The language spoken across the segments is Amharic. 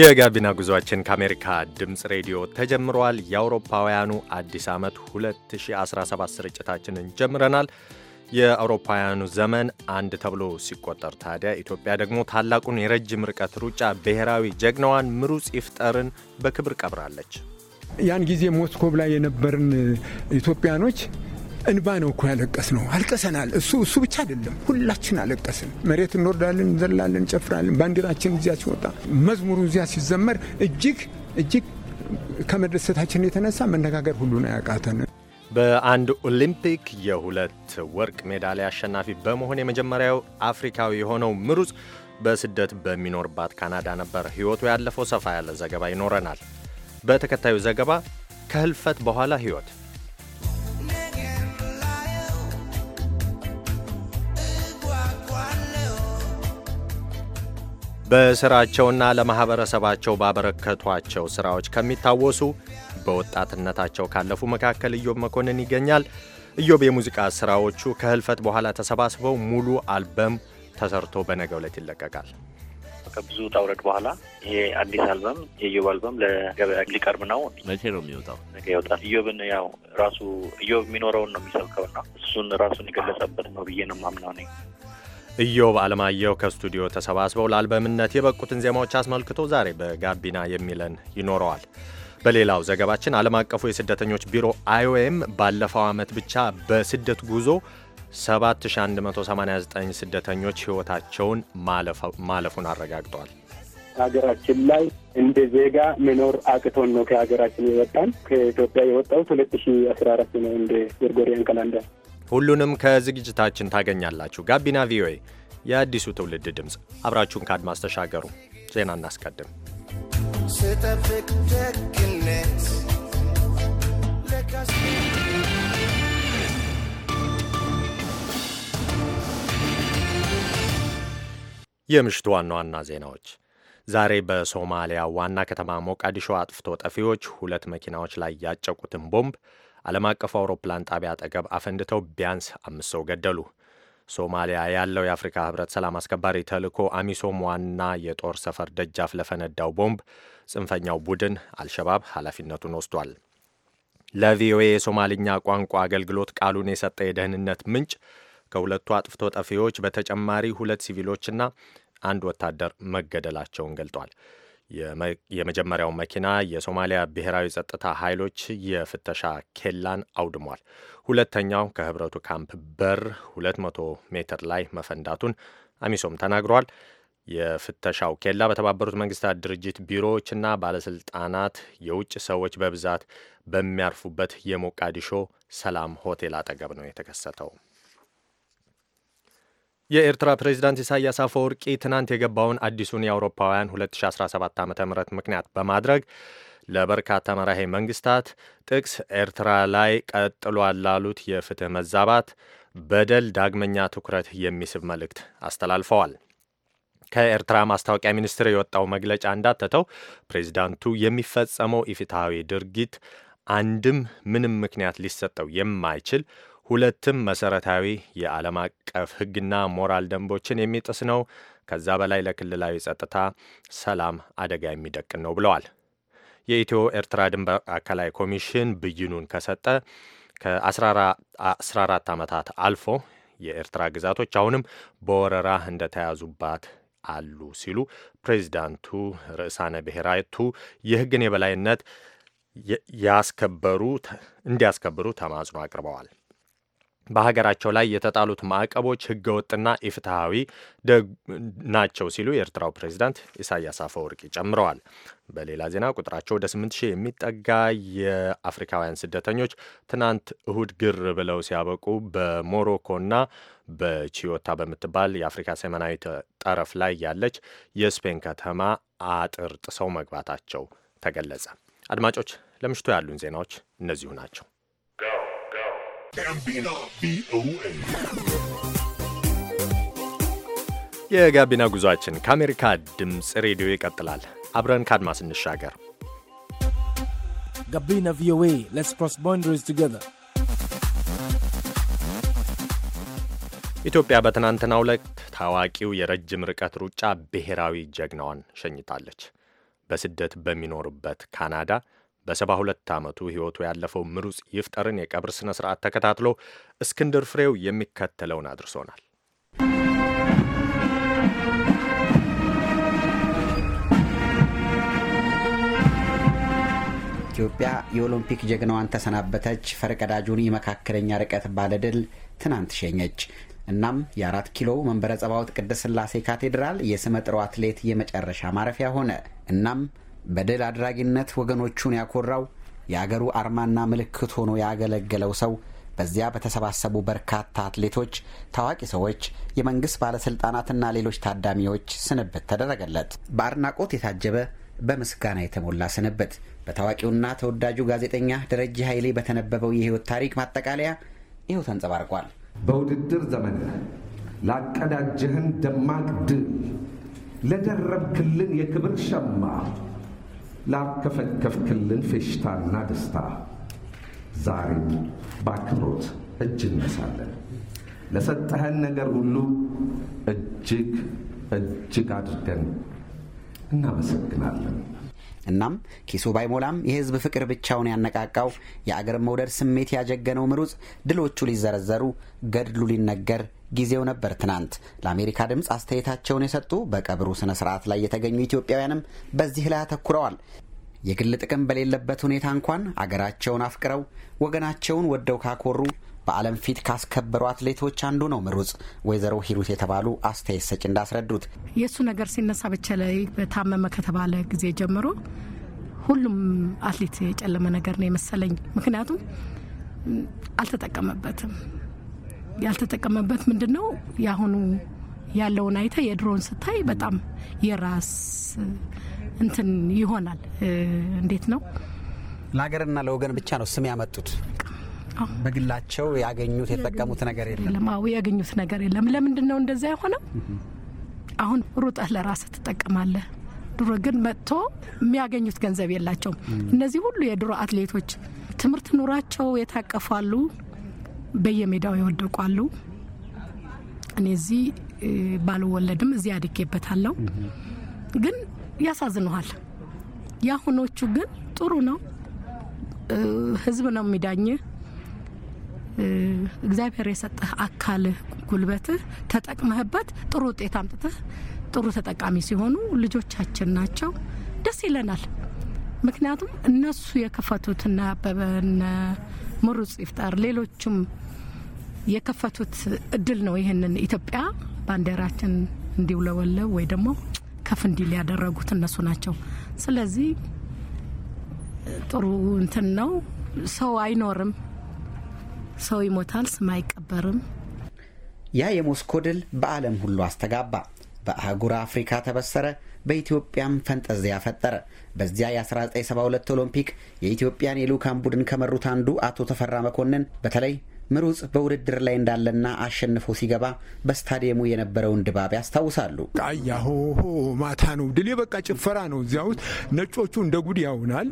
የጋቢና ጉዟችን ከአሜሪካ ድምፅ ሬዲዮ ተጀምሯል። የአውሮፓውያኑ አዲስ ዓመት 2017 ስርጭታችንን ጀምረናል። የአውሮፓውያኑ ዘመን አንድ ተብሎ ሲቆጠር ታዲያ ኢትዮጵያ ደግሞ ታላቁን የረጅም ርቀት ሩጫ ብሔራዊ ጀግናዋን ምሩጽ ይፍጠርን በክብር ቀብራለች። ያን ጊዜ ሞስኮብ ላይ የነበርን ኢትዮጵያኖች እንባ ነው እኮ ያለቀስ ነው። አልቀሰናል። እሱ እሱ ብቻ አይደለም፣ ሁላችን አለቀስን። መሬት እንወርዳለን፣ እንዘላለን፣ እንጨፍራለን። ባንዲራችን እዚያ ሲወጣ መዝሙሩ እዚያ ሲዘመር እጅግ እጅግ ከመደሰታችን የተነሳ መነጋገር ሁሉ ነው ያቃተን። በአንድ ኦሊምፒክ የሁለት ወርቅ ሜዳሊያ አሸናፊ በመሆን የመጀመሪያው አፍሪካዊ የሆነው ምሩጽ በስደት በሚኖርባት ካናዳ ነበር ሕይወቱ ያለፈው። ሰፋ ያለ ዘገባ ይኖረናል። በተከታዩ ዘገባ ከህልፈት በኋላ ሕይወት በሥራቸውና ለማኅበረሰባቸው ባበረከቷቸው ሥራዎች ከሚታወሱ በወጣትነታቸው ካለፉ መካከል ኢዮብ መኮንን ይገኛል። ኢዮብ የሙዚቃ ሥራዎቹ ከህልፈት በኋላ ተሰባስበው ሙሉ አልበም ተሰርቶ በነገ ዕለት ይለቀቃል። ከብዙ ታውረድ በኋላ ይሄ አዲስ አልበም የኢዮብ አልበም ለገበያ ሊቀርብ ነው። መቼ ነው የሚወጣው? ነገ ይወጣል። ኢዮብን ያው ራሱ ኢዮብ የሚኖረውን ነው የሚሰብከውና እሱን ራሱን የገለጸበት ነው ብዬ ነው ማምነው ነኝ። ኢዮብ አለማየሁ ከስቱዲዮ ተሰባስበው ለአልበምነት የበቁትን ዜማዎች አስመልክቶ ዛሬ በጋቢና የሚለን ይኖረዋል። በሌላው ዘገባችን ዓለም አቀፉ የስደተኞች ቢሮ አይኦኤም ባለፈው ዓመት ብቻ በስደት ጉዞ 7189 ስደተኞች ሕይወታቸውን ማለፉን አረጋግጧል። ሀገራችን ላይ እንደ ዜጋ መኖር አቅቶን ነው ከሀገራችን የወጣን። ከኢትዮጵያ የወጣሁት 2014 ነው እንደ ጎርጎሪያን ካላንደር ሁሉንም ከዝግጅታችን ታገኛላችሁ። ጋቢና ቪኦኤ የአዲሱ ትውልድ ድምፅ፣ አብራችሁን ከአድማስ ተሻገሩ። ዜና እናስቀድም። ስጠብቅ ደግነት የምሽቱ ዋና ዋና ዜናዎች ዛሬ በሶማሊያ ዋና ከተማ ሞቃዲሾ አጥፍቶ ጠፊዎች ሁለት መኪናዎች ላይ ያጨቁትን ቦምብ ዓለም አቀፉ አውሮፕላን ጣቢያ አጠገብ አፈንድተው ቢያንስ አምስት ሰው ገደሉ። ሶማሊያ ያለው የአፍሪካ ህብረት ሰላም አስከባሪ ተልዕኮ አሚሶም ዋና የጦር ሰፈር ደጃፍ ለፈነዳው ቦምብ ጽንፈኛው ቡድን አልሸባብ ኃላፊነቱን ወስዷል። ለቪኦኤ የሶማልኛ ቋንቋ አገልግሎት ቃሉን የሰጠ የደህንነት ምንጭ ከሁለቱ አጥፍቶ ጠፊዎች በተጨማሪ ሁለት ሲቪሎችና አንድ ወታደር መገደላቸውን ገልጧል። የመጀመሪያው መኪና የሶማሊያ ብሔራዊ ጸጥታ ኃይሎች የፍተሻ ኬላን አውድሟል። ሁለተኛው ከህብረቱ ካምፕ በር 200 ሜትር ላይ መፈንዳቱን አሚሶም ተናግሯል። የፍተሻው ኬላ በተባበሩት መንግስታት ድርጅት ቢሮዎችና ባለስልጣናት፣ የውጭ ሰዎች በብዛት በሚያርፉበት የሞቃዲሾ ሰላም ሆቴል አጠገብ ነው የተከሰተው። የኤርትራ ፕሬዚዳንት ኢሳያስ አፈወርቂ ትናንት የገባውን አዲሱን የአውሮፓውያን 2017 ዓ ም ምክንያት በማድረግ ለበርካታ መራሄ መንግስታት ጥቅስ ኤርትራ ላይ ቀጥሏል ላሉት የፍትህ መዛባት በደል ዳግመኛ ትኩረት የሚስብ መልእክት አስተላልፈዋል። ከኤርትራ ማስታወቂያ ሚኒስቴር የወጣው መግለጫ እንዳተተው ፕሬዚዳንቱ የሚፈጸመው ኢፍትሐዊ ድርጊት አንድም ምንም ምክንያት ሊሰጠው የማይችል ሁለትም መሰረታዊ የዓለም አቀፍ ሕግና ሞራል ደንቦችን የሚጥስ ነው። ከዛ በላይ ለክልላዊ ጸጥታ፣ ሰላም አደጋ የሚደቅን ነው ብለዋል። የኢትዮ ኤርትራ ድንበር ማዕከላዊ ኮሚሽን ብይኑን ከሰጠ ከ14 ዓመታት አልፎ የኤርትራ ግዛቶች አሁንም በወረራ እንደተያዙባት አሉ ሲሉ ፕሬዚዳንቱ ርዕሳነ ብሔራቱ የሕግን የበላይነት ያስከበሩ እንዲያስከብሩ ተማጽኖ አቅርበዋል። በሀገራቸው ላይ የተጣሉት ማዕቀቦች ህገወጥና ኢፍትሐዊ ናቸው ሲሉ የኤርትራው ፕሬዚዳንት ኢሳያስ አፈወርቂ ጨምረዋል። በሌላ ዜና ቁጥራቸው ወደ 8 የሚጠጋ የአፍሪካውያን ስደተኞች ትናንት እሁድ ግር ብለው ሲያበቁ በሞሮኮና በቺዮታ በምትባል የአፍሪካ ሰሜናዊ ጠረፍ ላይ ያለች የስፔን ከተማ አጥር ጥሰው መግባታቸው ተገለጸ። አድማጮች ለምሽቱ ያሉን ዜናዎች እነዚሁ ናቸው። የጋቢና ጉዟችን ከአሜሪካ ድምፅ ሬዲዮ ይቀጥላል። አብረን ካድማስ እንሻገር። ጋቢና ቪኦኤ ሌትስ ክሮስ ቦንደሪስ ቱጌዘር ኢትዮጵያ በትናንትናው ዕለት ታዋቂው የረጅም ርቀት ሩጫ ብሔራዊ ጀግናዋን ሸኝታለች። በስደት በሚኖርበት ካናዳ በሰባ ሁለት ዓመቱ ሕይወቱ ያለፈው ምሩጽ ይፍጠርን የቀብር ሥነ ሥርዓት ተከታትሎ እስክንድር ፍሬው የሚከተለውን አድርሶናል። ኢትዮጵያ የኦሎምፒክ ጀግናዋን ተሰናበተች። ፈርቀዳጁን የመካከለኛ ርቀት ባለድል ትናንት ሸኘች። እናም የአራት ኪሎ መንበረ ጸባዖት ቅድስት ሥላሴ ካቴድራል የስመጥሮ አትሌት የመጨረሻ ማረፊያ ሆነ። እናም በድል አድራጊነት ወገኖቹን ያኮራው የአገሩ አርማና ምልክት ሆኖ ያገለገለው ሰው በዚያ በተሰባሰቡ በርካታ አትሌቶች፣ ታዋቂ ሰዎች፣ የመንግሥት ባለሥልጣናትና ሌሎች ታዳሚዎች ስንብት ተደረገለት። በአድናቆት የታጀበ በምስጋና የተሞላ ስንብት በታዋቂውና ተወዳጁ ጋዜጠኛ ደረጀ ኃይሌ በተነበበው የሕይወት ታሪክ ማጠቃለያ ይኸው ተንጸባርቋል። በውድድር ዘመን ላቀዳጀህን ደማቅ ድል ለደረብክልን የክብር ሸማ ላከፈከፍክልን ፌሽታና ደስታ ዛሬም በአክብሮት እጅ እነሳለን። ለሰጠህን ነገር ሁሉ እጅግ እጅግ አድርገን እናመሰግናለን። እናም ኪሱ ባይሞላም የህዝብ ፍቅር ብቻውን ያነቃቃው የአገር መውደድ ስሜት ያጀገነው ምሩጽ ድሎቹ ሊዘረዘሩ ገድሉ ሊነገር ጊዜው ነበር ትናንት። ለአሜሪካ ድምፅ አስተያየታቸውን የሰጡ በቀብሩ ስነ ስርዓት ላይ የተገኙ ኢትዮጵያውያንም በዚህ ላይ አተኩረዋል። የግል ጥቅም በሌለበት ሁኔታ እንኳን አገራቸውን አፍቅረው ወገናቸውን ወደው ካኮሩ በዓለም ፊት ካስከበሩ አትሌቶች አንዱ ነው ምሩጽ። ወይዘሮ ሂሩት የተባሉ አስተያየት ሰጭ እንዳስረዱት የእሱ ነገር ሲነሳ ላይ በታመመ ከተባለ ጊዜ ጀምሮ ሁሉም አትሌት የጨለመ ነገር ነው የመሰለኝ። ምክንያቱም አልተጠቀመበትም ያልተጠቀመበት ምንድን ነው የአሁኑ ያለውን አይተ የድሮን ስታይ በጣም የራስ እንትን ይሆናል። እንዴት ነው ለሀገርና ለወገን ብቻ ነው ስም ያመጡት። በግላቸው ያገኙት የተጠቀሙት ነገር የለም። ያገኙት ነገር የለም። ለምንድን ነው እንደዛ የሆነው? አሁን ሩጠህ ለራስ ትጠቀማለህ። ድሮ ግን መጥቶ የሚያገኙት ገንዘብ የላቸውም። እነዚህ ሁሉ የድሮ አትሌቶች ትምህርት ኑሯቸው የታቀፋሉ በየሜዳው የወደቁ አሉ። እኔ እዚህ ባልወለድም እዚህ አድጌበታለሁ። ግን ያሳዝነዋል። የአሁኖቹ ግን ጥሩ ነው። ህዝብ ነው ሚዳኝ እግዚአብሔር የሰጠህ አካልህ፣ ጉልበትህ ተጠቅመህበት ጥሩ ውጤት አምጥተህ ጥሩ ተጠቃሚ ሲሆኑ ልጆቻችን ናቸው፣ ደስ ይለናል። ምክንያቱም እነሱ የከፈቱትና ያበበ ሙሩጽ ይፍጣር፣ ሌሎቹም የከፈቱት እድል ነው። ይህንን ኢትዮጵያ ባንዲራችን እንዲውለወለው ወይ ደግሞ ከፍ እንዲል ያደረጉት እነሱ ናቸው። ስለዚህ ጥሩ እንትን ነው። ሰው አይኖርም፣ ሰው ይሞታል፣ ስም አይቀበርም። ያ የሞስኮ ድል በዓለም ሁሉ አስተጋባ። በአህጉር አፍሪካ ተበሰረ፣ በኢትዮጵያም ፈንጠዚያ ፈጠረ። በዚያ የ1972 ኦሎምፒክ የኢትዮጵያን የልዑካን ቡድን ከመሩት አንዱ አቶ ተፈራ መኮንን በተለይ ምሩጽ በውድድር ላይ እንዳለና አሸንፎ ሲገባ በስታዲየሙ የነበረውን ድባብ ያስታውሳሉ። አያሆሆ ማታ ነው ድል፣ በቃ ጭፈራ ነው እዚያ ውስጥ። ነጮቹ እንደ ጉድ ያውናል።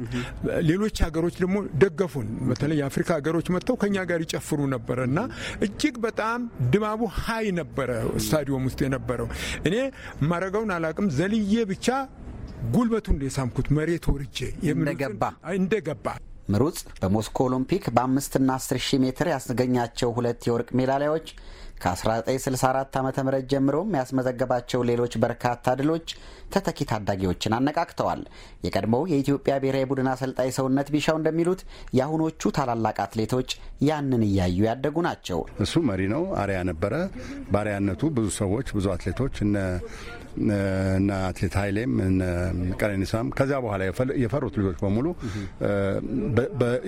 ሌሎች ሀገሮች ደግሞ ደገፉን። በተለይ የአፍሪካ ሀገሮች መጥተው ከኛ ጋር ይጨፍሩ ነበረ እና እጅግ በጣም ድባቡ ሀይ ነበረ ስታዲየም ውስጥ የነበረው። እኔ ማረገውን አላቅም ዘልዬ ብቻ ጉልበቱን የሳምኩት መሬት ወርጄ እንደገባ ምሩጽ በሞስኮ ኦሎምፒክ በአምስትና አስር ሺህ ሜትር ያስገኛቸው ሁለት የወርቅ ሜዳሊያዎች ከ1964 ዓ ም ጀምሮም ያስመዘገባቸው ሌሎች በርካታ ድሎች ተተኪ ታዳጊዎችን አነቃቅተዋል። የቀድሞው የኢትዮጵያ ብሔራዊ ቡድን አሰልጣኝ ሰውነት ቢሻው እንደሚሉት የአሁኖቹ ታላላቅ አትሌቶች ያንን እያዩ ያደጉ ናቸው። እሱ መሪ ነው፣ አሪያ ነበረ። በአሪያነቱ ብዙ ሰዎች ብዙ አትሌቶች እነ እና ቴት ኃይሌም ቀነኒሳም ከዚያ በኋላ የፈሩት ልጆች በሙሉ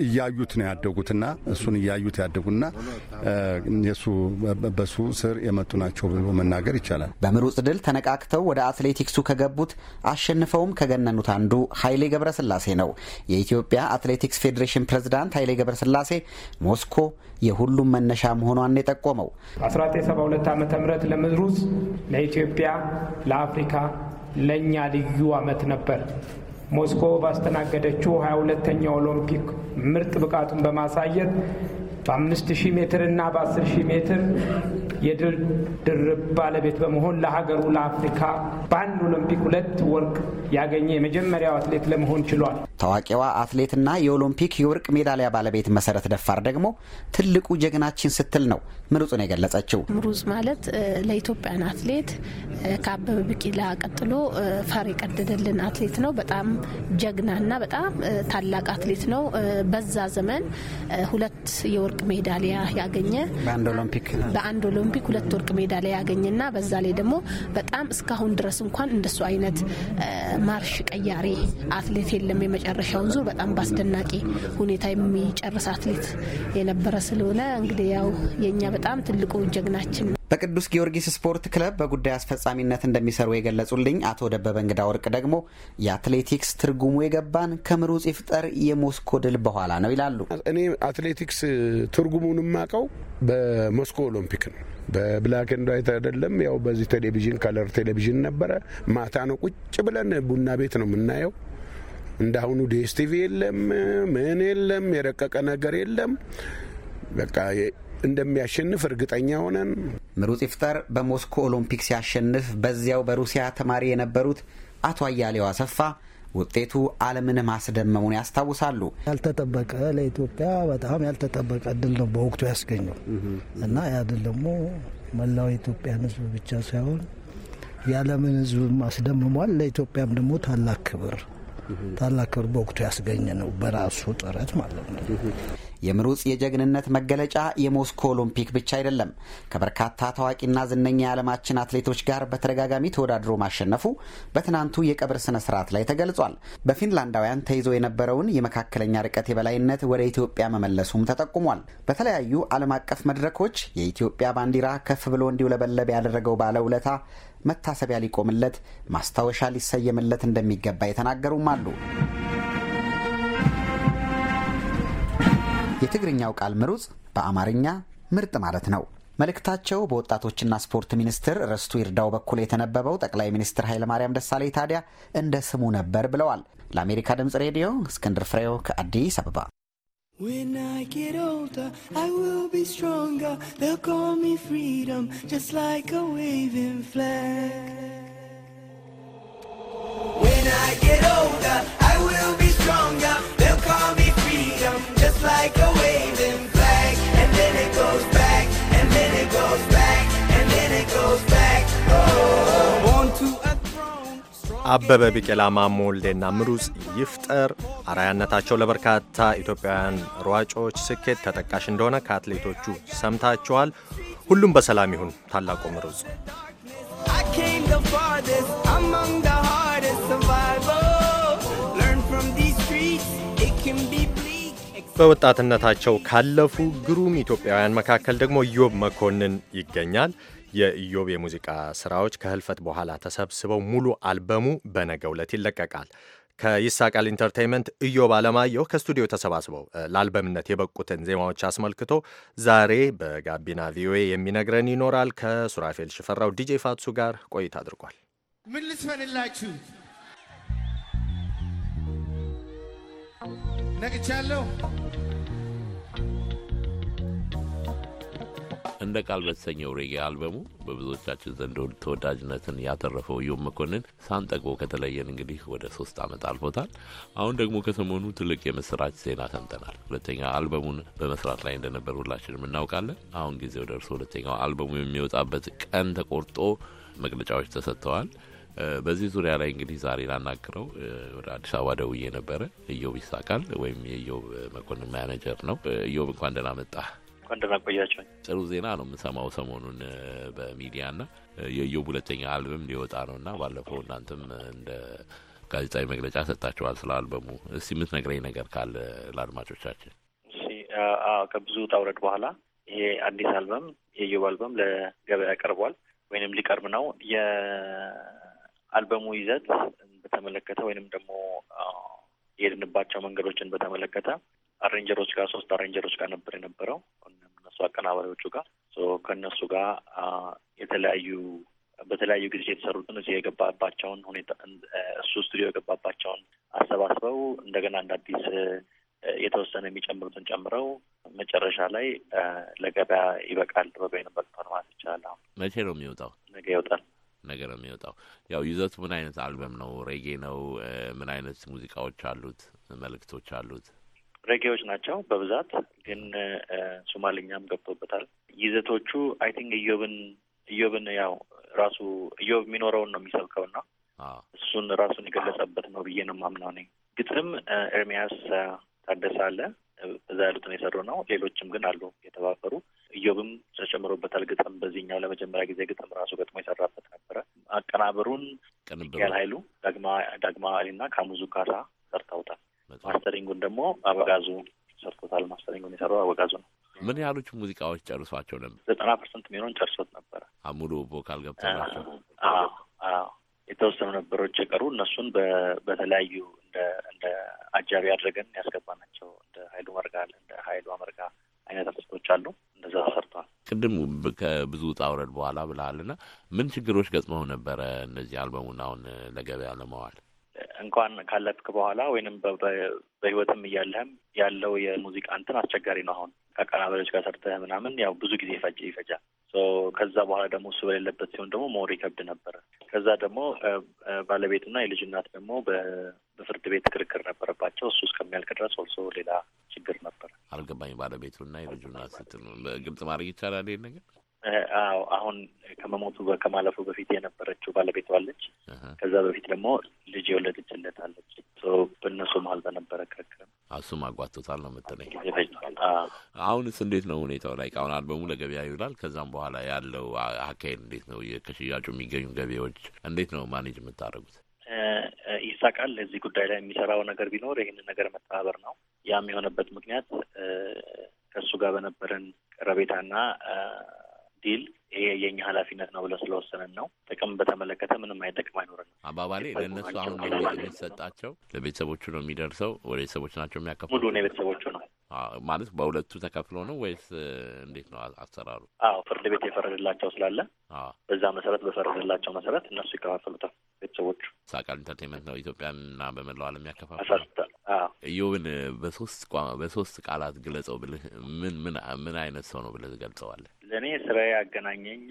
እያዩት ነው ያደጉትና እሱን እያዩት ያደጉና የሱ በሱ ስር የመጡ ናቸው ብሎ መናገር ይቻላል። በምሩጽ ድል ተነቃክተው ወደ አትሌቲክሱ ከገቡት አሸንፈውም ከገነኑት አንዱ ኃይሌ ገብረስላሴ ነው። የኢትዮጵያ አትሌቲክስ ፌዴሬሽን ፕሬዝዳንት ኃይሌ ገብረስላሴ ሞስኮ የሁሉም መነሻ መሆኗን የጠቆመው 1972 ዓ ም ለምድሩስ ለኢትዮጵያ፣ ለአፍሪካ ለእኛ ልዩ ዓመት ነበር። ሞስኮ ባስተናገደችው 22ተኛው ኦሎምፒክ ምርጥ ብቃቱን በማሳየት በአምስት ሺህ ሜትር እና በ ሺህ ሜትር የድል ድርብ ባለቤት በመሆን ለሀገሩ ለአፍሪካ በአንድ ኦሎምፒክ ሁለት ወርቅ ያገኘ የመጀመሪያው አትሌት ለመሆን ችሏል። ታዋቂዋ አትሌትና የኦሎምፒክ የወርቅ ሜዳሊያ ባለቤት መሰረት ደፋር ደግሞ ትልቁ ጀግናችን ስትል ነው ምሩጽን የገለጸችው። ምሩጽ ማለት ለኢትዮጵያን አትሌት ከአበበ ቢቂላ ቀጥሎ ፈር የቀደደልን አትሌት ነው። በጣም ጀግናና በጣም ታላቅ አትሌት ነው። በዛ ዘመን ሁለት የወርቅ ሜዳሊያ ያገኘ በአንድ ኦሎምፒክ ሁለት ወርቅ ሜዳሊያ ያገኘና በዛ ላይ ደግሞ በጣም እስካሁን ድረስ እንኳን እንደሱ አይነት ማርሽ ቀያሪ አትሌት የለም። የመጨረሻውን ዙር በጣም በአስደናቂ ሁኔታ የሚጨርስ አትሌት የነበረ ስለሆነ እንግዲህ ያው የእኛ በጣም ትልቁ ጀግናችን ነው። በቅዱስ ጊዮርጊስ ስፖርት ክለብ በጉዳይ አስፈጻሚነት እንደሚሰሩ የገለጹልኝ አቶ ደበበ እንግዳ ወርቅ ደግሞ የአትሌቲክስ ትርጉሙ የገባን ከምሩጽ ይፍጠር የሞስኮ ድል በኋላ ነው ይላሉ። እኔ አትሌቲክስ ትርጉሙን የማውቀው በሞስኮ ኦሎምፒክ ነው። በብላክ ኤንድ ዋይት አይደለም። ያው በዚህ ቴሌቪዥን ከለር ቴሌቪዥን ነበረ። ማታ ነው ቁጭ ብለን ቡና ቤት ነው የምናየው። እንደ አሁኑ ዲኤስቲቪ የለም፣ ምን የለም፣ የረቀቀ ነገር የለም። በቃ እንደሚያሸንፍ እርግጠኛ ሆነን ምሩጽ ይፍጠር በሞስኮ ኦሎምፒክ ሲያሸንፍ በዚያው በሩሲያ ተማሪ የነበሩት አቶ አያሌው አሰፋ ውጤቱ ዓለምን ማስደመሙን ያስታውሳሉ። ያልተጠበቀ ለኢትዮጵያ በጣም ያልተጠበቀ እድል ነው በወቅቱ ያስገኘው እና ያ ድል ደግሞ መላው የኢትዮጵያን ሕዝብ ብቻ ሳይሆን የዓለምን ሕዝብ ማስደምሟል። ለኢትዮጵያም ደግሞ ታላቅ ክብር ታላቅ ክብር በወቅቱ ያስገኘ ነው በራሱ ጥረት ማለት ነው። የምሩጽ የጀግንነት መገለጫ የሞስኮ ኦሎምፒክ ብቻ አይደለም። ከበርካታ ታዋቂና ዝነኛ የዓለማችን አትሌቶች ጋር በተደጋጋሚ ተወዳድሮ ማሸነፉ በትናንቱ የቀብር ስነ ስርዓት ላይ ተገልጿል። በፊንላንዳውያን ተይዞ የነበረውን የመካከለኛ ርቀት የበላይነት ወደ ኢትዮጵያ መመለሱም ተጠቁሟል። በተለያዩ ዓለም አቀፍ መድረኮች የኢትዮጵያ ባንዲራ ከፍ ብሎ እንዲውለበለብ ያደረገው ባለ ውለታ መታሰቢያ ሊቆምለት፣ ማስታወሻ ሊሰየምለት እንደሚገባ የተናገሩም አሉ። የትግርኛው ቃል ምሩጽ በአማርኛ ምርጥ ማለት ነው። መልእክታቸው በወጣቶችና ስፖርት ሚኒስትር ረስቱ ይርዳው በኩል የተነበበው ጠቅላይ ሚኒስትር ኃይለማርያም ደሳለኝ ታዲያ እንደ ስሙ ነበር ብለዋል። ለአሜሪካ ድምፅ ሬዲዮ እስክንድር ፍሬው ከአዲስ አበባ When I get older, I will be stronger. They'll call me freedom, just like a waving flag. When I get older, I will be stronger. They'll call me freedom, just like a waving flag. አበበ ቢቄላ፣ ማሞ ወልዴና ምሩጽ ይፍጠር አርአያነታቸው ለበርካታ ኢትዮጵያውያን ሯጮች ስኬት ተጠቃሽ እንደሆነ ከአትሌቶቹ ሰምታችኋል። ሁሉም በሰላም ይሁን። ታላቁ ምሩጽ በወጣትነታቸው ካለፉ ግሩም ኢትዮጵያውያን መካከል ደግሞ ዮብ መኮንን ይገኛል። የኢዮብ የሙዚቃ ስራዎች ከህልፈት በኋላ ተሰብስበው ሙሉ አልበሙ በነገ ዕለት ይለቀቃል። ከይሳቃል ኢንተርቴንመንት ኢዮብ አለማየሁ ከስቱዲዮ ተሰባስበው ለአልበምነት የበቁትን ዜማዎች አስመልክቶ ዛሬ በጋቢና ቪኦኤ የሚነግረን ይኖራል። ከሱራፌል ሽፈራው ዲጄ ፋትሱ ጋር ቆይታ አድርጓል። ምን ልስፈንላችሁ? ነቅቻለሁ እንደ ቃል በተሰኘው ሬጌ አልበሙ በብዙዎቻችን ዘንድ ተወዳጅነትን ያተረፈው ዮም መኮንን ሳንጠግቦ ከተለየን እንግዲህ ወደ ሶስት ዓመት አልፎታል። አሁን ደግሞ ከሰሞኑ ትልቅ የምስራች ዜና ሰምተናል። ሁለተኛ አልበሙን በመስራት ላይ እንደነበር ሁላችንም እናውቃለን። አሁን ጊዜው ደርሶ ሁለተኛው አልበሙ የሚወጣበት ቀን ተቆርጦ መግለጫዎች ተሰጥተዋል። በዚህ ዙሪያ ላይ እንግዲህ ዛሬ ላናግረው ወደ አዲስ አበባ ደውዬ ነበረ። እዮብ ይሳቃል ወይም የእዮብ መኮንን ማናጀር ነው። እዮብ እንኳን ደህና መጣህ። እንደና ቆያቸው ጥሩ ዜና ነው የምንሰማው ሰሞኑን በሚዲያ ና ሁለተኛ አልብም ሊወጣ ነው እና ባለፈው እናንተም እንደ ጋዜጣዊ መግለጫ ሰጣችኋል ስለ አልበሙ። እስቲ የምትነግረኝ ነገር ካለ ለአድማጮቻችን። ከብዙ ጣውረድ በኋላ ይሄ አዲስ አልበም የየው አልበም ለገበያ ቀርቧል ወይንም ሊቀርብ ነው። የአልበሙ ይዘት በተመለከተ ወይንም ደግሞ የሄድንባቸው መንገዶችን በተመለከተ አሬንጀሮች ጋር ሶስት አሬንጀሮች ጋር ነበር የነበረው እነሱ አቀናባሪዎቹ ጋር ከእነሱ ጋር የተለያዩ በተለያዩ ጊዜ የተሰሩትን እዚህ የገባባቸውን ሁኔታ እሱ ስቱዲዮ የገባባቸውን አሰባስበው እንደገና እንደ አዲስ የተወሰነ የሚጨምሩትን ጨምረው መጨረሻ ላይ ለገበያ ይበቃል ጥበብ የነበርበት ማለት ይቻላል። አሁን መቼ ነው የሚወጣው? ነገ ይወጣል። ነገ ነው የሚወጣው። ያው ይዘቱ ምን አይነት አልበም ነው? ሬጌ ነው? ምን አይነት ሙዚቃዎች አሉት? መልእክቶች አሉት? ሬጌዎች ናቸው በብዛት ግን ሶማሌኛም ገብቶበታል። ይዘቶቹ አይ ቲንክ እዮብን እዮብን ያው ራሱ እዮብ የሚኖረውን ነው የሚሰብከው እና እሱን ራሱን የገለጸበት ነው ብዬ ነው ማምነው። እኔ ግጥም ኤርሚያስ ታደሰ አለ በዛ ያሉትን የሰሩ ነው። ሌሎችም ግን አሉ የተባበሩ። እዮብም ተጨምሮበታል ግጥም። በዚህኛው ለመጀመሪያ ጊዜ ግጥም ራሱ ገጥሞ የሰራበት ነበረ። አቀናበሩን ሚካኤል ሀይሉ ዳግማ ዳግማ እና ካሙዙ ካሳ ማስተሪንጉን ደግሞ አበጋዙ ሰርቶታል። ማስተሪንጉን የሰራው አበጋዙ ነው። ምን ያህሎቹ ሙዚቃዎች ጨርሷቸው ነበር? ዘጠና ፐርሰንት የሚሆነውን ጨርሶት ነበረ። ሙሉ ቮካል ገብቶላቸው የተወሰኑ ነበሮች የቀሩ እነሱን በተለያዩ እንደ አጃቢ አድርገን ያስገባናቸው እንደ ሀይሉ መርጋል እንደ ሀይሉ አመርጋ አይነት አርቲስቶች አሉ። እንደዛ ተሰርተዋል። ቅድም ከብዙ ውጣ ውረድ በኋላ ብላልና ምን ችግሮች ገጥመው ነበረ እነዚህ አልበሙን አሁን ለገበያ ለማዋል? እንኳን ካለፍክ በኋላ ወይንም በህይወትም እያለህም ያለው የሙዚቃ እንትን አስቸጋሪ ነው። አሁን ከአቀናባሪዎች ጋር ሰርተህ ምናምን ያው ብዙ ጊዜ ፈጅ ይፈጃል። ከዛ በኋላ ደግሞ እሱ በሌለበት ሲሆን ደግሞ መሪ ይከብድ ነበረ። ከዛ ደግሞ ባለቤትና የልጅ እናት ደግሞ በፍርድ ቤት ክርክር ነበረባቸው። እሱ እስከሚያልቅ ድረስ ወልሶ ሌላ ችግር ነበር። አልገባኝ ባለቤቱና የልጁ እናት ስትል ማድረግ ይቻላል ነገር? አዎ አሁን ከመሞቱ ከማለፉ በፊት የነበረችው ባለቤት ዋለች። ከዛ በፊት ደግሞ ልጅ የወለደችለት አለች። በእነሱ መሀል በነበረ ክርክር እሱም አጓቶታል ነው የምትለኝ። አሁንስ እንዴት ነው ሁኔታው ላይ? አሁን አልበሙ ለገበያ ይውላል። ከዛም በኋላ ያለው አካሄድ እንዴት ነው? ከሽያጩ የሚገኙ ገቢዎች እንዴት ነው ማኔጅ የምታደርጉት? ይሳቃል እዚህ ጉዳይ ላይ የሚሰራው ነገር ቢኖር ይህንን ነገር መተባበር ነው። ያም የሆነበት ምክንያት ከእሱ ጋር በነበረን ቀረቤታና ዲል ይሄ የኛ ኃላፊነት ነው ብለ ስለወሰንን ነው። ጥቅም በተመለከተ ምንም አይነት ጥቅም አይኖረንም። አባባሌ ለእነሱ አሁን የሚሰጣቸው ለቤተሰቦቹ ነው የሚደርሰው። ወደ ቤተሰቦች ናቸው የሚያከፍ ሙሉ ነው የቤተሰቦቹ ነው ማለት በሁለቱ ተከፍሎ ነው ወይስ እንዴት ነው አሰራሩ? አዎ ፍርድ ቤት የፈረደላቸው ስላለ በዛ መሰረት በፈረደላቸው መሰረት እነሱ ይከፋፈሉታል ቤተሰቦቹ። ሳቃል ኢንተርቴንመንት ነው ኢትዮጵያንና በመላው ዓለም ያከፋፍል። እዮብን በሶስት በሶስት ቃላት ግለጸው ብልህ ምን ምን ምን አይነት ሰው ነው ብለህ ገልጸዋለህ? ለእኔ ስራ ያገናኘኝ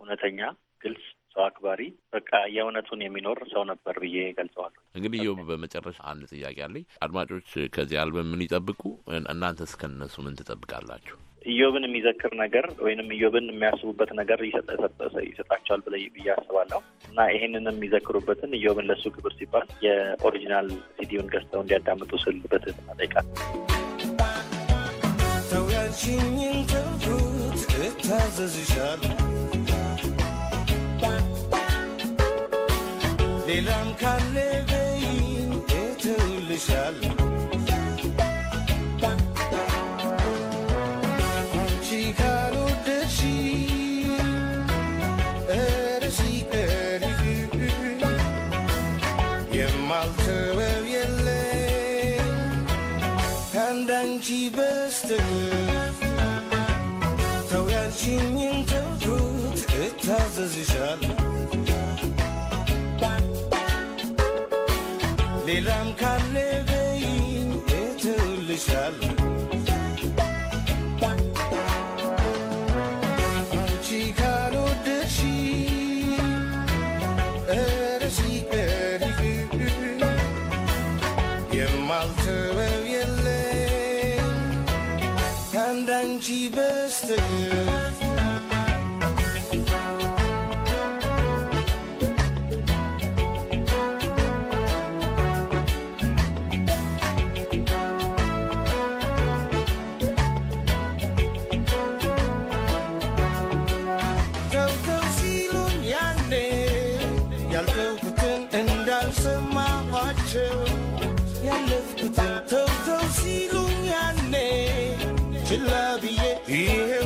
እውነተኛ፣ ግልጽ ሰው አክባሪ፣ በቃ የእውነቱን የሚኖር ሰው ነበር ብዬ ገልጸዋለሁ። እንግዲህ ይኸው በመጨረሻ አንድ ጥያቄ አለኝ። አድማጮች ከዚህ አልበም ምን ይጠብቁ? እናንተስ ከነሱ ምን ትጠብቃላችሁ? ኢዮብን የሚዘክር ነገር ወይንም ኢዮብን የሚያስቡበት ነገር ይሰጣቸዋል ብለ ብዬ አስባለሁ እና ይህንን የሚዘክሩበትን ኢዮብን ለሱ ክብር ሲባል የኦሪጂናል ሲዲውን ገዝተው እንዲያዳምጡ ስል በትህትና እጠይቃለሁ። ያልሽኝን ተውኩት እታዘዝሻል ሌላም ካለ በይን እተውልሻል 生气不死。头让信念走出，给他自己杀。你让看了。Yalif tutatu tausilun yanne Chilabiye Ihe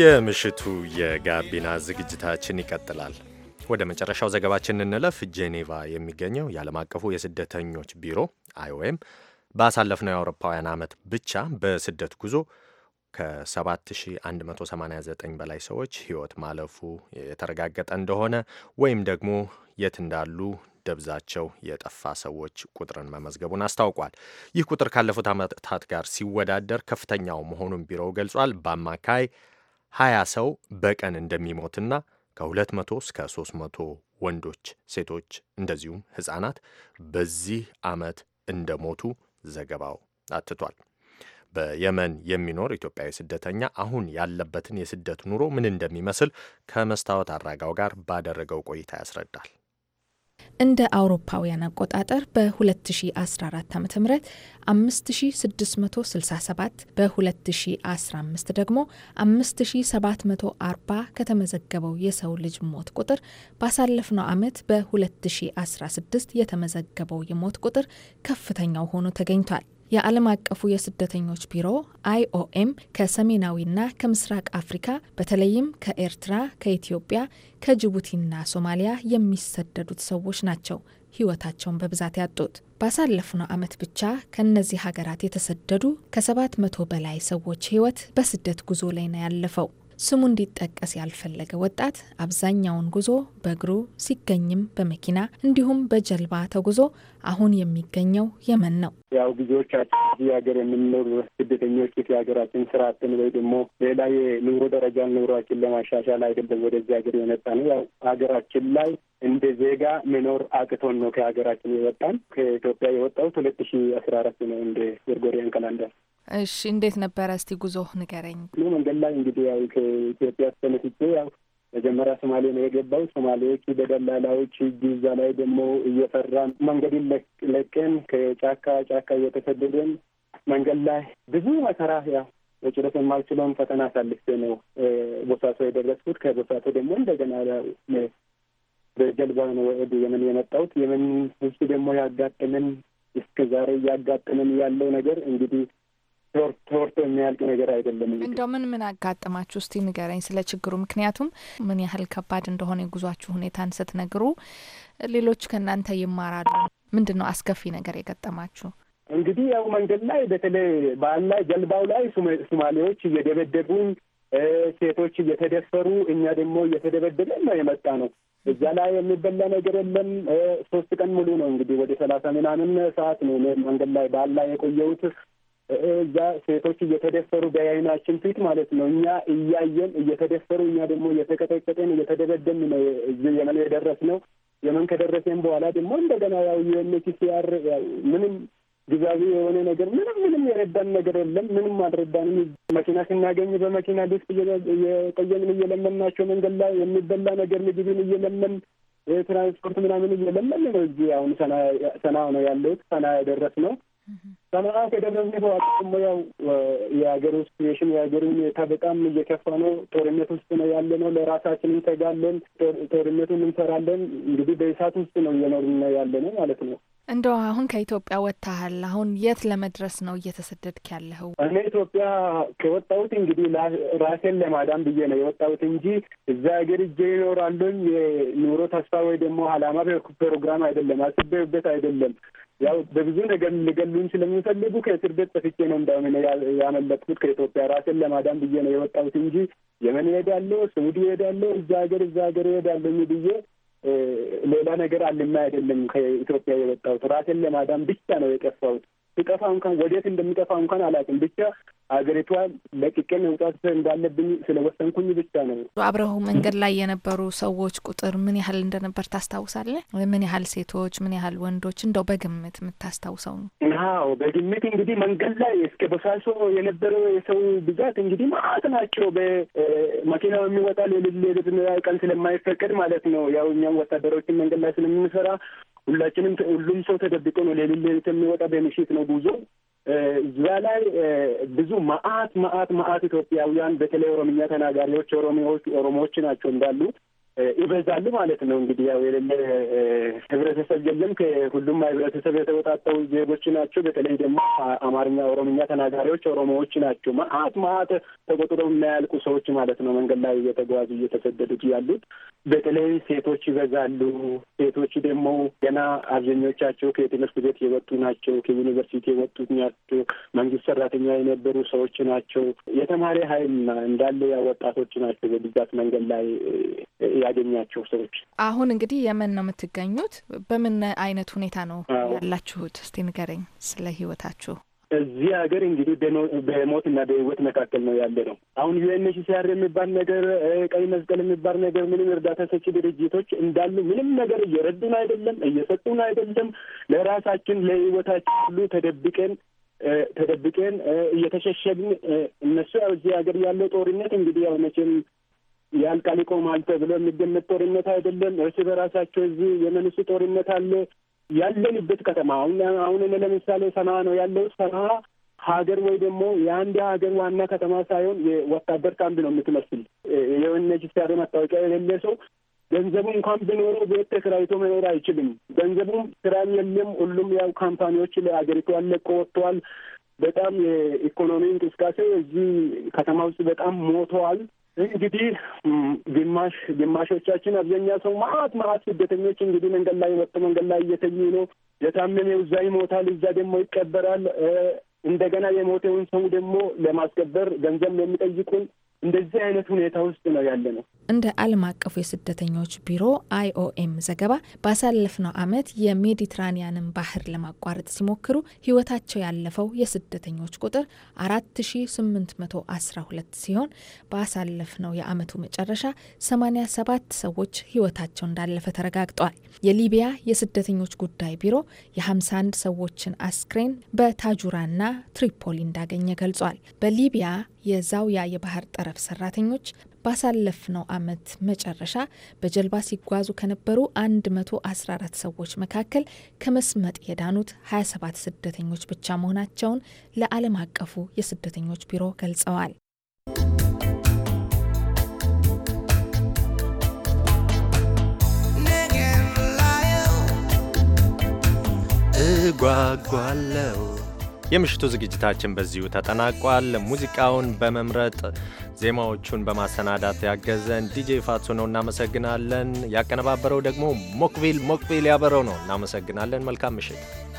የምሽቱ የጋቢና ዝግጅታችን ይቀጥላል። ወደ መጨረሻው ዘገባችን እንለፍ። ጄኔቫ የሚገኘው የዓለም አቀፉ የስደተኞች ቢሮ አይኦኤም ባሳለፍነው የአውሮፓውያን ዓመት ብቻ በስደት ጉዞ ከ7189 በላይ ሰዎች ሕይወት ማለፉ የተረጋገጠ እንደሆነ ወይም ደግሞ የት እንዳሉ ደብዛቸው የጠፋ ሰዎች ቁጥርን መመዝገቡን አስታውቋል። ይህ ቁጥር ካለፉት ዓመታት ጋር ሲወዳደር ከፍተኛው መሆኑን ቢሮው ገልጿል። በአማካይ 20 ሰው በቀን እንደሚሞትና ከ200 እስከ 300 ወንዶች፣ ሴቶች እንደዚሁም ሕፃናት በዚህ ዓመት እንደሞቱ ዘገባው አትቷል። በየመን የሚኖር ኢትዮጵያዊ ስደተኛ አሁን ያለበትን የስደት ኑሮ ምን እንደሚመስል ከመስታወት አራጋው ጋር ባደረገው ቆይታ ያስረዳል። እንደ አውሮፓውያን አቆጣጠር በ2014 ዓ ም 5667 በ2015 ደግሞ 5740 ከተመዘገበው የሰው ልጅ ሞት ቁጥር ባሳለፍነው ዓመት በ2016 የተመዘገበው የሞት ቁጥር ከፍተኛው ሆኖ ተገኝቷል። የዓለም አቀፉ የስደተኞች ቢሮ አይኦኤም ከሰሜናዊና ከምስራቅ አፍሪካ በተለይም ከኤርትራ፣ ከኢትዮጵያ፣ ከጅቡቲና ሶማሊያ የሚሰደዱት ሰዎች ናቸው ህይወታቸውን በብዛት ያጡት። ባሳለፍነው ዓመት ብቻ ከእነዚህ ሀገራት የተሰደዱ ከሰባት መቶ በላይ ሰዎች ህይወት በስደት ጉዞ ላይ ነው ያለፈው። ስሙ እንዲጠቀስ ያልፈለገ ወጣት አብዛኛውን ጉዞ በእግሩ ሲገኝም በመኪና እንዲሁም በጀልባ ተጉዞ አሁን የሚገኘው የመን ነው። ያው ብዙዎቻችን እዚህ ሀገር የምንኖር ስደተኞች የሀገራችን ስርዓትን ወይ ደግሞ ሌላ የኑሮ ደረጃ ኑሯችን ለማሻሻል አይደለም ወደዚህ ሀገር የመጣ ነው። ያው ሀገራችን ላይ እንደ ዜጋ መኖር አቅቶን ነው ከሀገራችን የወጣን። ከኢትዮጵያ የወጣሁት ሁለት ሺ አስራ አራት ነው እንደ ጎርጎሪያን ካላንደር እሺ፣ እንዴት ነበረ? እስቲ ጉዞ ንገረኝ። መንገድ ላይ እንግዲህ ያው ከኢትዮጵያ ተነስቼ ያው መጀመሪያ ሶማሌ ነው የገባው። ሶማሌዎች በደላላዎች እጅ እዛ ላይ ደግሞ እየፈራን መንገድን ለቀን ከጫካ ጫካ እየተሰደደን መንገድ ላይ ብዙ መከራ ያ መጭረት የማልችለውን ፈተና አሳልፌ ነው ቦሳቶ የደረስኩት። ከቦሳቶ ደግሞ እንደገና በጀልባ ነው ወደ የመን የመጣሁት። የመን ውስጥ ደግሞ ያጋጥምን እስከ ዛሬ እያጋጥምን ያለው ነገር እንግዲህ ተወርቶ የሚያልቅ ነገር አይደለም። እንደው ምን ምን አጋጠማችሁ እስቲ ንገረኝ ስለ ችግሩ። ምክንያቱም ምን ያህል ከባድ እንደሆነ የጉዟችሁ ሁኔታን ስትነግሩ ሌሎች ከእናንተ ይማራሉ። ምንድን ነው አስከፊ ነገር የገጠማችሁ? እንግዲህ ያው መንገድ ላይ በተለይ ባህል ላይ ጀልባው ላይ ሱማሌዎች እየደበደቡን፣ ሴቶች እየተደፈሩ፣ እኛ ደግሞ እየተደበደበን ነው የመጣ ነው። እዛ ላይ የሚበላ ነገር የለም። ሶስት ቀን ሙሉ ነው እንግዲህ ወደ ሰላሳ ምናምን ሰዓት ነው መንገድ ላይ በዓል ላይ የቆየሁት። እዛ ሴቶች እየተደፈሩ በያይናችን ፊት ማለት ነው። እኛ እያየን እየተደፈሩ እኛ ደግሞ እየተቀጠቀጠን እየተደበደብን ነው የመን የደረስ ነው። የመን ከደረሴን በኋላ ደግሞ እንደገና ያው ዩኤንኤችሲአር ምንም ግዛቤ የሆነ ነገር ምንም ምንም የረዳን ነገር የለም። ምንም አልረዳንም። መኪና ስናገኝ በመኪና ዲስክ እየቀየምን እየለመንናቸው መንገድ ላይ የሚበላ ነገር ምግብን እየለመን ትራንስፖርት ምናምን እየለመን ነው እዚህ አሁን ሰና ነው ያለሁት ሰና ደረስ ነው በመጽሐፍ የደረስነው ደግሞ ያው የሀገር ውስጥ ሽን የሀገር ሁኔታ በጣም እየከፋ ነው። ጦርነት ውስጥ ነው ያለ ነው። ለራሳችን እንተጋለን፣ ጦርነቱን እንሰራለን። እንግዲህ በእሳት ውስጥ ነው እየኖርን ያለ ነው ማለት ነው። እንደው አሁን ከኢትዮጵያ ወጥተሃል። አሁን የት ለመድረስ ነው እየተሰደድክ ያለኸው? እኔ ኢትዮጵያ ከወጣሁት እንግዲህ ራሴን ለማዳን ብዬ ነው የወጣሁት እንጂ እዛ ሀገር እጄ ይኖራሉኝ የኑሮ ተስፋ ወይ ደግሞ አላማ ፕሮግራም አይደለም፣ አስቤበት አይደለም። ያው በብዙ ነገር ልገሉኝ ስለሚፈልጉ ከእስር ቤት ጠፍቼ ነው እንዳሁን ያመለጥኩት ከኢትዮጵያ ራሴን ለማዳን ብዬ ነው የወጣሁት እንጂ የመን እሄዳለሁ፣ ስዑድ እሄዳለሁ፣ እዛ ሀገር እዛ ሀገር እሄዳለሁ ብዬ ሌላ ነገር አልማ አይደለም ከኢትዮጵያ የወጣሁት ራሴን ለማዳም ብቻ ነው የጠፋሁት። ሲጠፋ እንኳን ወዴት እንደሚጠፋ እንኳን አላውቅም። ብቻ አገሪቷ ለቅቄ መውጣት እንዳለብኝ ስለወሰንኩኝ ብቻ ነው። አብረሁ መንገድ ላይ የነበሩ ሰዎች ቁጥር ምን ያህል እንደነበር ታስታውሳለህ? ምን ያህል ሴቶች፣ ምን ያህል ወንዶች እንደው በግምት የምታስታውሰው ነው? አዎ በግምት እንግዲህ መንገድ ላይ እስከ በሳሶ የነበረው የሰው ብዛት እንግዲህ ማት ናቸው። በመኪናው የሚወጣ ሌሊት ቀን ስለማይፈቀድ ማለት ነው። ያው እኛም ወታደሮችን መንገድ ላይ ስለምንሰራ ሁላችንም ሁሉም ሰው ተደብቆ ነው ሌሊት የሚወጣ በምሽት ነው ጉዞ። እዛ ላይ ብዙ ማአት ማአት ማአት ኢትዮጵያውያን በተለይ ኦሮምኛ ተናጋሪዎች ኦሮሚዎች ኦሮሞዎች ናቸው እንዳሉት ይበዛሉ ማለት ነው። እንግዲህ ያው የሌለ ህብረተሰብ የለም። ከሁሉም ህብረተሰብ የተወጣጠው ዜጎች ናቸው። በተለይ ደግሞ አማርኛ፣ ኦሮምኛ ተናጋሪዎች ኦሮሞዎች ናቸው። መአት መአት ተቆጥረው የማያልቁ ሰዎች ማለት ነው። መንገድ ላይ እየተጓዙ እየተሰደዱት ያሉት በተለይ ሴቶች ይበዛሉ። ሴቶች ደግሞ ገና አብዛኞቻቸው ከትምህርት ቤት የወጡ ናቸው። ከዩኒቨርሲቲ የወጡ ናቸው። መንግስት ሰራተኛ የነበሩ ሰዎች ናቸው። የተማሪ ሀይል እንዳለ ያው ወጣቶች ናቸው በብዛት መንገድ ላይ ያገኛቸው ሰዎች። አሁን እንግዲህ የመን ነው የምትገኙት። በምን አይነት ሁኔታ ነው ያላችሁት? እስቲ ንገረኝ ስለ ህይወታችሁ። እዚህ ሀገር እንግዲህ በሞት በሞትና በህይወት መካከል ነው ያለ ነው። አሁን ዩኤንኤችሲአር የሚባል ነገር፣ ቀይ መስቀል የሚባል ነገር፣ ምንም እርዳታ ሰጪ ድርጅቶች እንዳሉ ምንም ነገር እየረዱን አይደለም፣ እየሰጡን አይደለም። ለራሳችን ለህይወታችን ሁሉ ተደብቀን ተደብቀን እየተሸሸግን እነሱ ያው እዚህ ሀገር ያለው ጦርነት እንግዲህ ያው መቼም ያልቃል ይቆማል ተብሎ የሚገመት ጦርነት አይደለም። እርስ በራሳቸው እዚህ የመንሱ ጦርነት አለ ያለንበት ከተማ አሁን አሁን ለምሳሌ ሰና ነው ያለው። ሰና ሀገር ወይ ደግሞ የአንድ ሀገር ዋና ከተማ ሳይሆን የወታደር ካምፕ ነው የምትመስል። የዩኤንኤችሲአር መታወቂያ የሌለ ሰው ገንዘቡ እንኳን ቢኖረው ቤት ተከራይቶ መኖር አይችልም። ገንዘቡም ስራም የለም። ሁሉም ያው ካምፓኒዎች ለሀገሪቱ አለቆ ወጥተዋል። በጣም የኢኮኖሚ እንቅስቃሴ እዚህ ከተማ ውስጥ በጣም ሞተዋል። እንግዲህ ግማሽ ግማሾቻችን አብዛኛ ሰው ማት ማት ስደተኞች እንግዲህ መንገድ ላይ ወጥቶ መንገድ ላይ እየተኙ ነው። የታመመው እዛ ይሞታል፣ እዛ ደግሞ ይቀበራል። እንደገና የሞተውን ሰው ደግሞ ለማስገበር ገንዘብ ነው የሚጠይቁን። እንደዚህ አይነት ሁኔታ ውስጥ ነው ያለ ነው። እንደ ዓለም አቀፉ የስደተኞች ቢሮ አይኦኤም ዘገባ ባሳለፍነው ዓመት የሜዲትራኒያንን ባህር ለማቋረጥ ሲሞክሩ ሕይወታቸው ያለፈው የስደተኞች ቁጥር 4812 ሲሆን ባሳለፍነው የዓመቱ መጨረሻ 87 ሰዎች ሕይወታቸው እንዳለፈ ተረጋግጧል። የሊቢያ የስደተኞች ጉዳይ ቢሮ የ51 ሰዎችን አስክሬን በታጁራና ትሪፖሊ እንዳገኘ ገልጿል። በሊቢያ የዛውያ የባህር ጠረ የመረብ ሰራተኞች ባሳለፍነው ዓመት መጨረሻ በጀልባ ሲጓዙ ከነበሩ 114 ሰዎች መካከል ከመስመጥ የዳኑት 27 ስደተኞች ብቻ መሆናቸውን ለዓለም አቀፉ የስደተኞች ቢሮ ገልጸዋል። እጓጓለው የምሽቱ ዝግጅታችን በዚሁ ተጠናቋል። ሙዚቃውን በመምረጥ ዜማዎቹን በማሰናዳት ያገዘን ዲጄ ፋቱ ነው፣ እናመሰግናለን። ያቀነባበረው ደግሞ ሞክቪል ሞክቪል ያበረው ነው፣ እናመሰግናለን። መልካም ምሽት።